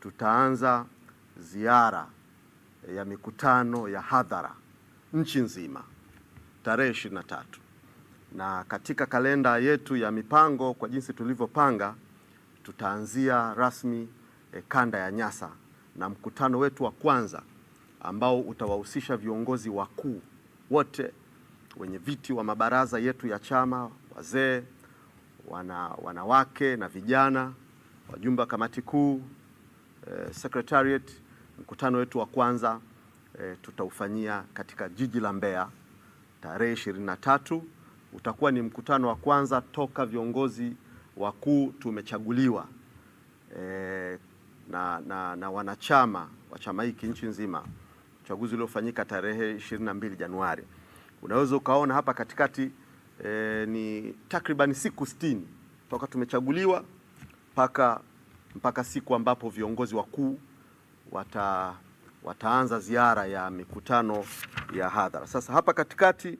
tutaanza ziara ya mikutano ya hadhara nchi nzima tarehe ishirini na tatu na katika kalenda yetu ya mipango kwa jinsi tulivyopanga tutaanzia rasmi e, kanda ya Nyasa na mkutano wetu wa kwanza ambao utawahusisha viongozi wakuu wote, wenye viti wa mabaraza yetu ya chama, wazee, wana, wanawake na vijana, wajumbe wa kamati kuu eh, secretariat mkutano wetu wa kwanza eh, tutaufanyia katika jiji la Mbeya tarehe 23. Utakuwa ni mkutano wa kwanza toka viongozi wakuu tumechaguliwa eh, na, na, na wanachama wa chama hiki nchi nzima, uchaguzi uliofanyika tarehe 22 Januari. Unaweza ukaona hapa katikati eh, ni takriban siku 60 toka tumechaguliwa mpaka mpaka siku ambapo viongozi wakuu wata, wataanza ziara ya mikutano ya hadhara. Sasa hapa katikati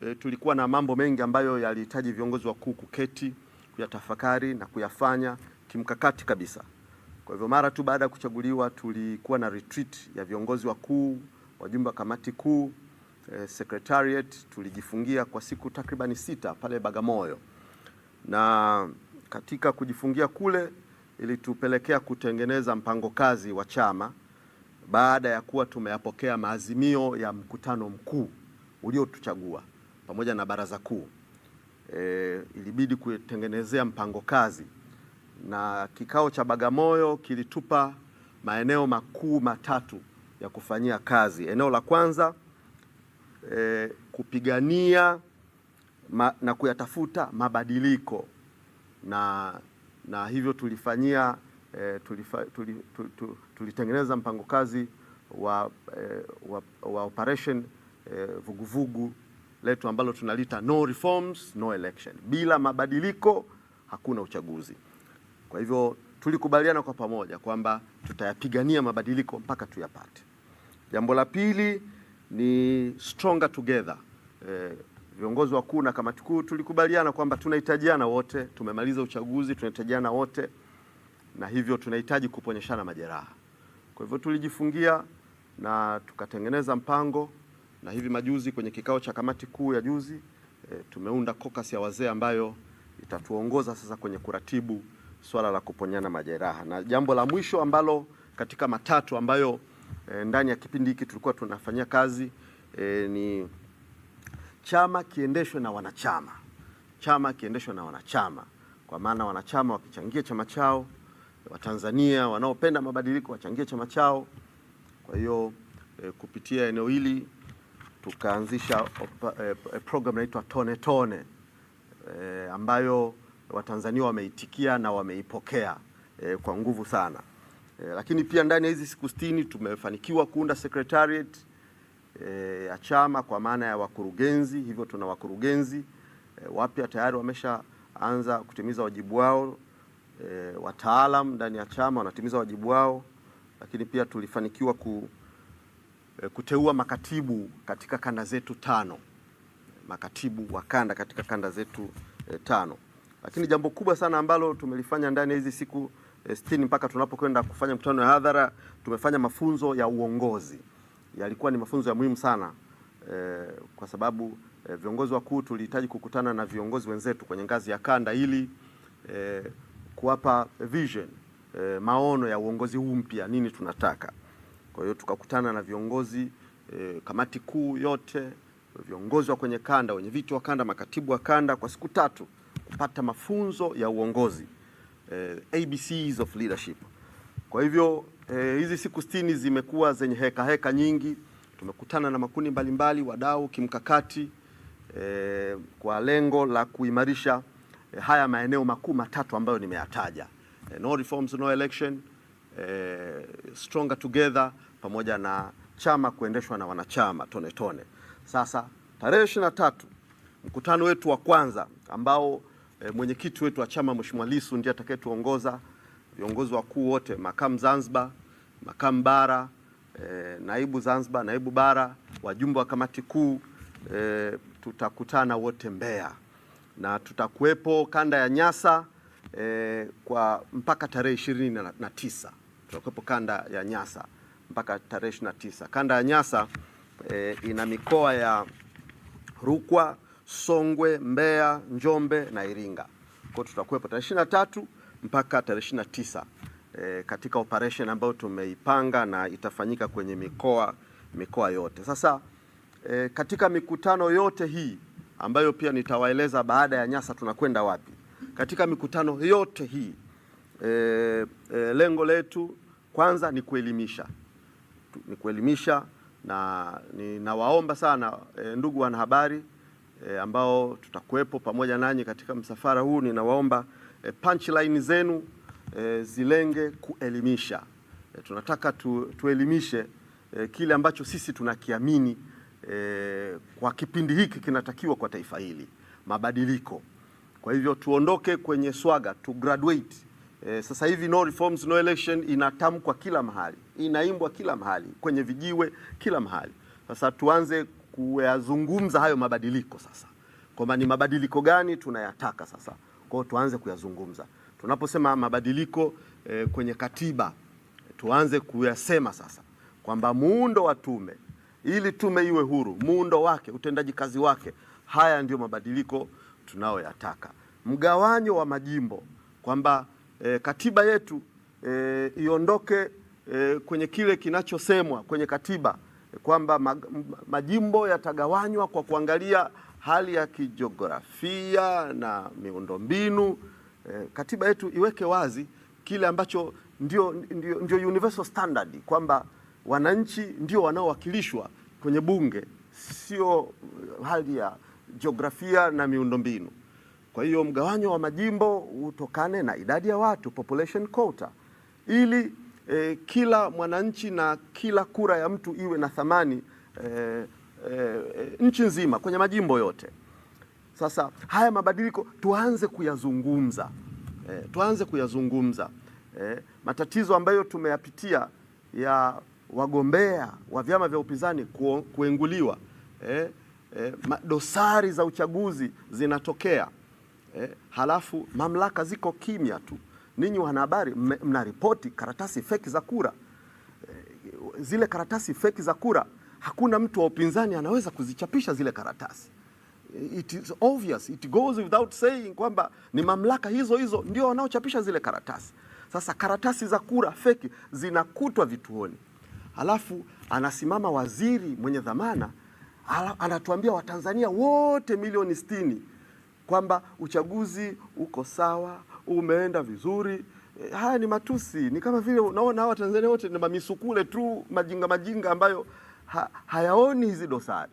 e, tulikuwa na mambo mengi ambayo yalihitaji viongozi wakuu kuketi kuyatafakari na kuyafanya kimkakati kabisa. Kwa hivyo mara tu baada ya kuchaguliwa tulikuwa na retreat ya viongozi wakuu, wajumbe wa kamati kuu, e, secretariat tulijifungia kwa siku takribani sita pale Bagamoyo, na katika kujifungia kule ilitupelekea kutengeneza mpango kazi wa chama baada ya kuwa tumeyapokea maazimio ya mkutano mkuu uliotuchagua pamoja na baraza kuu. E, ilibidi kutengenezea mpango kazi na kikao cha Bagamoyo kilitupa maeneo makuu matatu ya kufanyia kazi. Eneo la kwanza e, kupigania ma, na kuyatafuta mabadiliko na na hivyo tulifanyia e, tulifa, tu, tu, tu, tulitengeneza mpango kazi wa, e, wa, wa operation e, vuguvugu letu ambalo tunalita no reforms no election, bila mabadiliko hakuna uchaguzi. Kwa hivyo tulikubaliana kwa pamoja kwamba tutayapigania mabadiliko mpaka tuyapate. Jambo la pili ni stronger together eh, viongozi wakuu na kamati kuu tulikubaliana kwamba tunahitajiana wote. Tumemaliza uchaguzi, tunahitajiana wote, na hivyo tunahitaji kuponyeshana majeraha. Kwa hivyo tulijifungia na tukatengeneza mpango, na hivi majuzi kwenye kikao cha kamati kuu ya juzi e, tumeunda kokas ya wazee ambayo itatuongoza sasa kwenye kuratibu swala la kuponyana majeraha. Na jambo la mwisho ambalo katika matatu ambayo e, ndani ya kipindi hiki tulikuwa tunafanyia kazi e, ni chama kiendeshwe na wanachama, chama kiendeshwe na wanachama, kwa maana wanachama wakichangia chama chao, Watanzania wanaopenda mabadiliko wachangie chama chao. Kwa hiyo e, kupitia eneo hili tukaanzisha e, program inaitwa Tone Tone e, ambayo Watanzania wameitikia na wameipokea e, kwa nguvu sana e, lakini pia ndani ya hizi siku sitini tumefanikiwa kuunda secretariat e, ya chama kwa maana ya wakurugenzi. Hivyo tuna wakurugenzi e, wapya tayari wameshaanza kutimiza wajibu wao. E, wataalam ndani ya chama wanatimiza wajibu wao, lakini pia tulifanikiwa ku, e, kuteua makatibu katika kanda zetu tano, makatibu wa kanda katika kanda zetu e, tano. Lakini jambo kubwa sana ambalo tumelifanya ndani ya hizi siku e, sitini mpaka tunapokwenda kufanya mkutano wa hadhara, tumefanya mafunzo ya uongozi yalikuwa ni mafunzo ya muhimu sana e, kwa sababu e, viongozi wakuu tulihitaji kukutana na viongozi wenzetu kwenye ngazi ya kanda ili e, kuwapa vision e, maono ya uongozi huu mpya, nini tunataka. Kwa hiyo tukakutana na viongozi e, kamati kuu yote, viongozi wa kwenye kanda, wenye viti wa kanda, makatibu wa kanda kwa siku tatu kupata mafunzo ya uongozi e, ABCs of leadership. Kwa hivyo E, hizi siku sitini zimekuwa zenye heka heka nyingi. Tumekutana na makundi mbalimbali, wadau kimkakati e, kwa lengo la kuimarisha e, haya maeneo makuu matatu ambayo nimeyataja e, no reforms, no election e, stronger together pamoja na chama kuendeshwa na wanachama tone tone. Sasa tarehe ishirini na tatu mkutano wetu wa kwanza ambao e, mwenyekiti wetu wa chama Mheshimiwa Lissu ndiye atakayetuongoza viongozi wakuu wote makamu Zanzibar makamu bara e, naibu Zanzibar, naibu bara, wajumbe wa kamati kuu e, tutakutana wote Mbeya na tutakuwepo kanda ya Nyasa e, kwa mpaka tarehe ishirini na tisa tutakuwepo kanda ya Nyasa mpaka tarehe ishirini na tisa. Kanda ya Nyasa e, ina mikoa ya Rukwa, Songwe, Mbeya, Njombe na Iringa. Kwa tutakuwepo tarehe ishirini na tatu mpaka tarehe ishirini na tisa e, katika operation ambayo tumeipanga na itafanyika kwenye mikoa mikoa yote. Sasa e, katika mikutano yote hii ambayo pia nitawaeleza baada ya Nyasa tunakwenda wapi. Katika mikutano yote hii e, e, lengo letu kwanza ni kuelimisha ni kuelimisha na ninawaomba sana e, ndugu wanahabari e, ambao tutakuwepo pamoja nanyi katika msafara huu, ninawaomba e, punchline zenu e, zilenge kuelimisha e, tunataka tu, tuelimishe e, kile ambacho sisi tunakiamini e, kwa kipindi hiki kinatakiwa kwa taifa hili mabadiliko. Kwa hivyo tuondoke kwenye swaga tu graduate e, sasa hivi no reforms no election inatamkwa kila mahali, inaimbwa kila mahali, kwenye vijiwe kila mahali. Sasa tuanze kuyazungumza hayo mabadiliko sasa, kwamba ni mabadiliko gani tunayataka sasa kwao, tuanze kuyazungumza. Tunaposema mabadiliko e, kwenye katiba tuanze kuyasema sasa kwamba muundo wa tume, ili tume iwe huru, muundo wake, utendaji kazi wake, haya ndiyo mabadiliko tunayoyataka. Mgawanyo wa majimbo kwamba e, katiba yetu e, iondoke e, kwenye kile kinachosemwa kwenye katiba kwamba majimbo yatagawanywa kwa kuangalia hali ya kijiografia na miundombinu. Eh, katiba yetu iweke wazi kile ambacho ndio, ndio, ndio universal standard kwamba wananchi ndio wanaowakilishwa kwenye bunge, sio hali ya jiografia na miundombinu. Kwa hiyo mgawanyo wa majimbo utokane na idadi ya watu, population quota, ili eh, kila mwananchi na kila kura ya mtu iwe na thamani eh, eh, eh nchi nzima kwenye majimbo yote. Sasa haya mabadiliko tuanze kuyazungumza e, tuanze kuyazungumza e, matatizo ambayo tumeyapitia ya wagombea wa vyama vya upinzani kuenguliwa e, e, dosari za uchaguzi zinatokea e, halafu mamlaka ziko kimya tu. Ninyi wanahabari mnaripoti karatasi feki za kura e, zile karatasi feki za kura, hakuna mtu wa upinzani anaweza kuzichapisha zile karatasi it is obvious, it goes without saying kwamba ni mamlaka hizo hizo ndio wanaochapisha zile karatasi. Sasa karatasi za kura feki zinakutwa vituoni, alafu anasimama waziri mwenye dhamana anatuambia Watanzania wote milioni sitini kwamba uchaguzi uko sawa, umeenda vizuri. Eh, haya ni matusi, ni kama vile unaona Tanzania wote ni mamisukule tu, majinga majinga ambayo ha, hayaoni hizi dosari.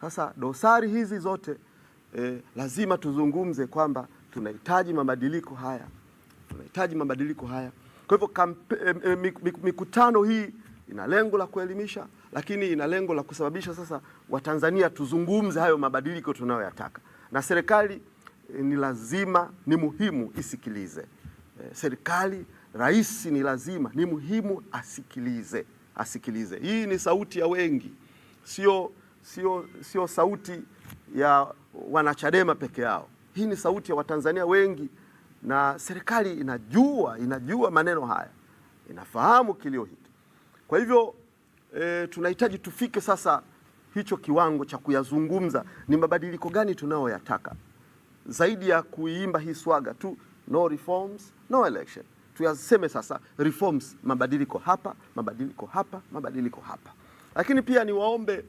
Sasa dosari hizi zote eh, lazima tuzungumze kwamba tunahitaji mabadiliko haya, tunahitaji mabadiliko haya. Kwa hivyo e, e, mikutano hii ina lengo la kuelimisha, lakini ina lengo la kusababisha sasa Watanzania tuzungumze hayo mabadiliko tunayoyataka, na serikali e, ni lazima, ni muhimu isikilize serikali Rais ni lazima ni muhimu asikilize, asikilize. Hii ni sauti ya wengi, sio sio, sio sauti ya wanachadema peke yao. Hii ni sauti ya Watanzania wengi, na serikali inajua, inajua maneno haya, inafahamu kilio hiki. Kwa hivyo e, tunahitaji tufike sasa hicho kiwango cha kuyazungumza ni mabadiliko gani tunayoyataka, zaidi ya kuiimba hii swaga tu, no reforms no election. Tuyaseme sasa reforms, mabadiliko hapa, mabadiliko hapa, mabadiliko hapa. Lakini pia niwaombe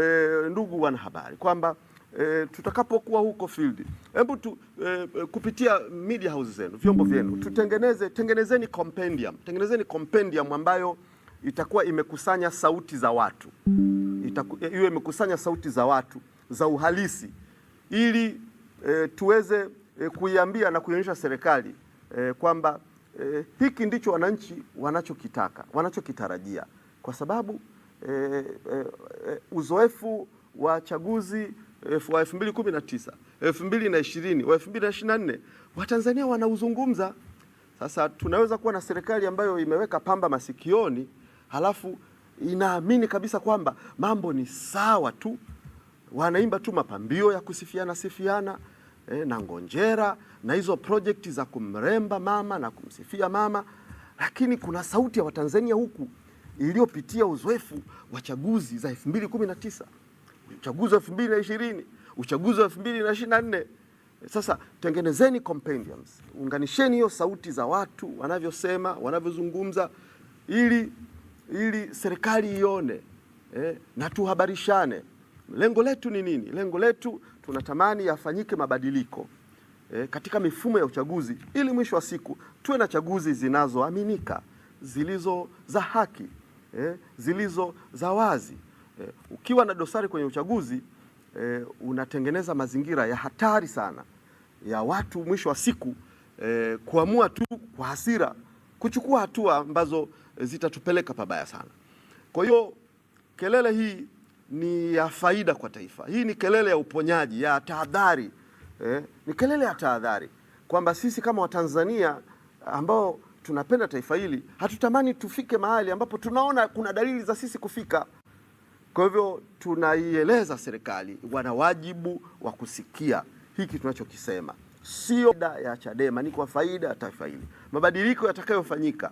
e, ndugu wanahabari kwamba e, tutakapokuwa huko field, hebu tu, e, kupitia media houses zenu vyombo vyenu tutengeneze, tengenezeni compendium, tengenezeni compendium ambayo itakuwa imekusanya sauti za watu iwe imekusanya sauti za watu za uhalisi ili e, tuweze e, kuiambia na kuionyesha serikali e, kwamba e, hiki ndicho wananchi wanachokitaka wanachokitarajia kwa sababu e, e, uzoefu wa chaguzi elfu wa 2019, 2020, wa 2024 Watanzania wanauzungumza. Sasa tunaweza kuwa na serikali ambayo imeweka pamba masikioni halafu inaamini kabisa kwamba mambo ni sawa tu, wanaimba tu mapambio ya kusifiana sifiana eh, na ngonjera na hizo projekti za kumremba mama na kumsifia mama, lakini kuna sauti ya Watanzania huku iliyopitia uzoefu wa chaguzi za 2019, uchaguzi wa 2020, uchaguzi wa 2024. Sasa tengenezeni compendiums, unganisheni hiyo sauti za watu wanavyosema, wanavyozungumza ili ili serikali ione eh, na tuhabarishane. Lengo letu ni nini? Lengo letu tunatamani yafanyike mabadiliko eh, katika mifumo ya uchaguzi ili mwisho wa siku tuwe na chaguzi zinazoaminika, zilizo za haki eh, zilizo za wazi eh. Ukiwa na dosari kwenye uchaguzi eh, unatengeneza mazingira ya hatari sana ya watu mwisho wa siku eh, kuamua tu kwa hasira kuchukua hatua ambazo zitatupeleka pabaya sana. Kwa hiyo kelele hii ni ya faida kwa taifa. Hii ni kelele ya uponyaji, ya tahadhari eh, ni kelele ya tahadhari kwamba sisi kama Watanzania ambao tunapenda taifa hili, hatutamani tufike mahali ambapo tunaona kuna dalili za sisi kufika. Kwa hivyo tunaieleza serikali, wana wajibu wa kusikia hiki tunachokisema, sio faida ya Chadema, ni kwa faida ya taifa hili. Mabadiliko yatakayofanyika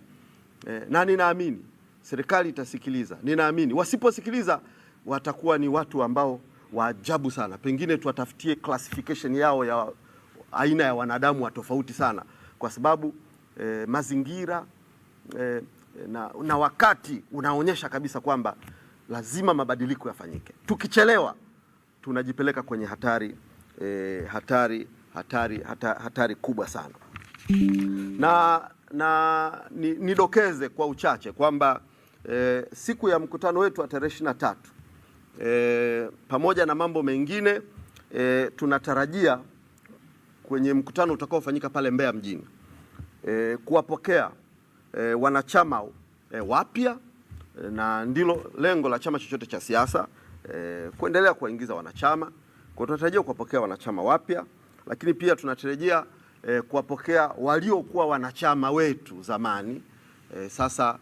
e, na ninaamini serikali itasikiliza, ninaamini wasiposikiliza watakuwa ni watu ambao waajabu sana, pengine tuwatafutie classification yao ya aina ya wanadamu wa tofauti sana, kwa sababu eh, mazingira eh, na, na wakati unaonyesha kabisa kwamba lazima mabadiliko yafanyike. Tukichelewa tunajipeleka kwenye hatari eh, hatari hatari hata, hatari kubwa sana na, na nidokeze ni kwa uchache kwamba eh, siku ya mkutano wetu wa tarehe ishirini na tatu eh, pamoja na mambo mengine eh, tunatarajia kwenye mkutano utakaofanyika pale Mbeya mjini e, kuwapokea e, wanachama e, wapya e, na ndilo lengo la chama chochote cha siasa e, kuendelea kuwaingiza wanachama. Kwa tunatarajia kuwapokea wanachama wapya, lakini pia tunatarajia e, kuwapokea waliokuwa wanachama wetu zamani e, sasa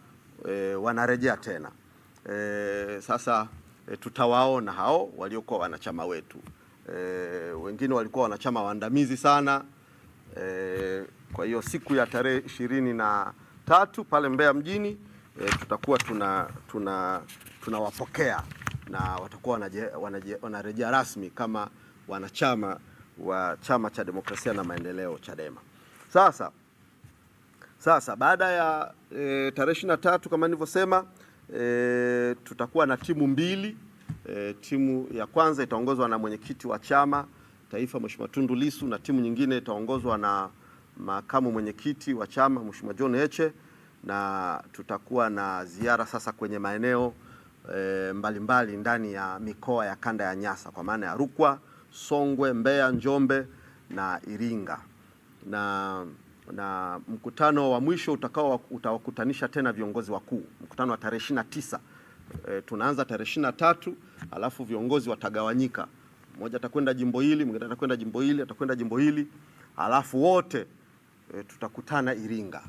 e, wanarejea tena e, sasa e, tutawaona hao waliokuwa wanachama wetu e, wengine walikuwa wanachama waandamizi sana e, kwa hiyo siku ya tarehe ishirini na tatu pale Mbeya mjini e, tutakuwa tunawapokea tuna, tuna na watakuwa wanarejea rasmi kama wanachama wa Chama cha Demokrasia na Maendeleo Chadema. Sasa sasa baada ya e, tarehe ishirini na tatu kama nilivyosema, e, tutakuwa na timu mbili. E, timu ya kwanza itaongozwa na mwenyekiti wa chama taifa Mheshimiwa Tundu Lissu na timu nyingine itaongozwa na makamu mwenyekiti wa chama Mheshimiwa John Heche, na tutakuwa na ziara sasa kwenye maeneo e, mbalimbali ndani ya mikoa ya kanda ya Nyasa kwa maana ya Rukwa, Songwe, Mbeya, Njombe na Iringa na na mkutano wa mwisho utakao utawakutanisha tena viongozi wakuu, mkutano wa tarehe ishirini na tisa. E, tunaanza tarehe ishirini na tatu alafu viongozi watagawanyika, mmoja atakwenda jimbo hili, mwingine atakwenda jimbo hili, atakwenda jimbo hili, alafu wote e, tutakutana Iringa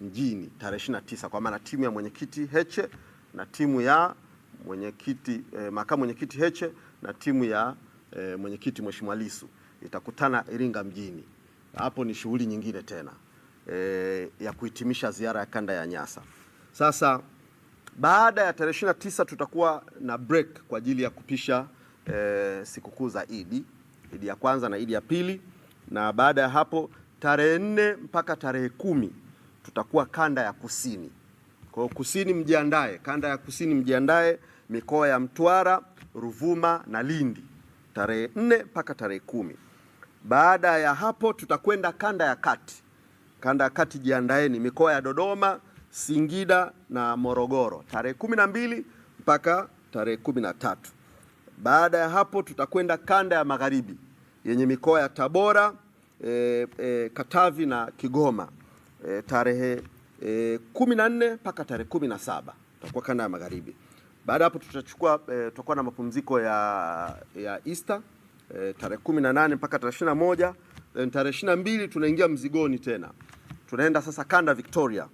mjini tarehe 29 kwa maana timu ya mwenyekiti Heche na timu ya mwenyekiti e, makamu mwenyekiti Heche na timu ya e, mwenyekiti Mheshimiwa Lissu itakutana Iringa mjini. Hapo ni shughuli nyingine tena e, ya kuhitimisha ziara ya kanda ya Nyasa. Sasa baada ya tarehe 29 tutakuwa na break kwa ajili ya kupisha e, sikukuu za Idi, Idi ya kwanza na Idi ya pili, na baada ya hapo tarehe nne mpaka tarehe kumi tutakuwa kanda ya kusini. Kwa hiyo kusini mjiandae, kanda ya kusini mjiandae, mikoa ya Mtwara, Ruvuma na Lindi tarehe nne mpaka tarehe kumi. Baada ya hapo tutakwenda kanda ya kati. Kanda ya kati jiandaeni, mikoa ya Dodoma, Singida na Morogoro tarehe kumi na mbili mpaka tarehe kumi na tatu. Baada ya hapo tutakwenda kanda ya magharibi yenye mikoa ya Tabora e, e, Katavi na Kigoma e, tarehe e, kumi na nne mpaka tarehe kumi na saba tutakuwa kanda ya magharibi. Baada hapo tutachukua e, tutakuwa na mapumziko ya, ya Easter e, tarehe kumi na nane mpaka tarehe ishirini na moja tarehe ishirini na mbili tunaingia mzigoni tena, tunaenda sasa kanda Victoria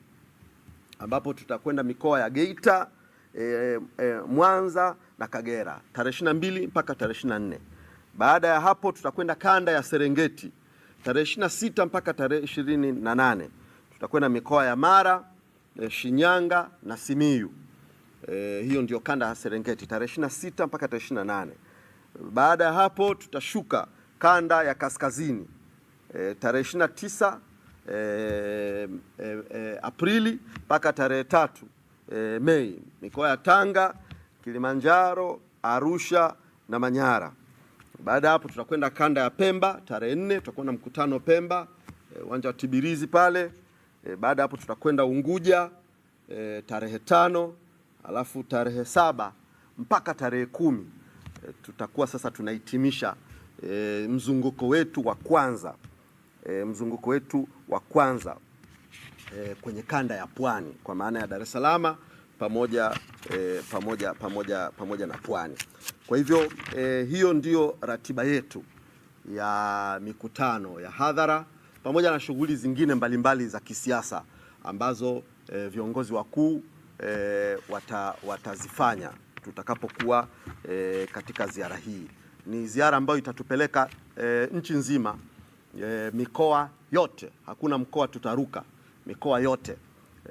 ambapo tutakwenda mikoa ya Geita e, e, Mwanza na Kagera tarehe 22 mpaka tarehe 24. Baada ya hapo tutakwenda kanda ya Serengeti tarehe 26 mpaka tarehe 28 tutakwenda mikoa ya Mara, e, Shinyanga na Simiyu. E, hiyo ndio kanda ya Serengeti tarehe 26 mpaka tarehe 28. Baada ya hapo tutashuka kanda ya kaskazini e, tarehe 29 e, e, e, Aprili mpaka tarehe tatu e, Mei, mikoa ya Tanga, Kilimanjaro, Arusha na Manyara. Baada ya hapo tutakwenda kanda ya Pemba tarehe nne, tutakuwa na mkutano Pemba e, uwanja e, wa Tibirizi pale e, baada ya hapo tutakwenda Unguja e, tarehe tano, alafu tarehe saba mpaka tarehe kumi e, tutakuwa sasa tunahitimisha e, mzunguko wetu wa kwanza e, mzunguko wetu wa kwanza e, kwenye kanda ya Pwani kwa maana ya Dar es Salaam pamoja, e, pamoja, pamoja, pamoja na Pwani. Kwa hivyo eh, hiyo ndiyo ratiba yetu ya mikutano ya hadhara pamoja na shughuli zingine mbalimbali mbali za kisiasa ambazo eh, viongozi wakuu eh, wata, watazifanya tutakapokuwa eh, katika ziara hii. Ni ziara ambayo itatupeleka eh, nchi nzima eh, mikoa yote, hakuna mkoa tutaruka, mikoa yote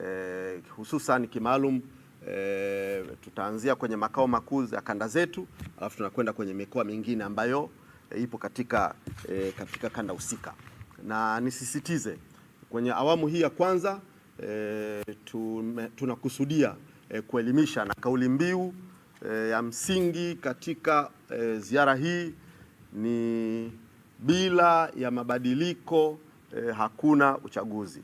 eh, hususan kimaalum E, tutaanzia kwenye makao makuu ya kanda zetu alafu tunakwenda kwenye mikoa mingine ambayo e, ipo katika, e, katika kanda husika, na nisisitize kwenye awamu hii ya kwanza e, tunakusudia e, kuelimisha na kauli mbiu e, ya msingi katika e, ziara hii ni bila ya mabadiliko e, hakuna uchaguzi.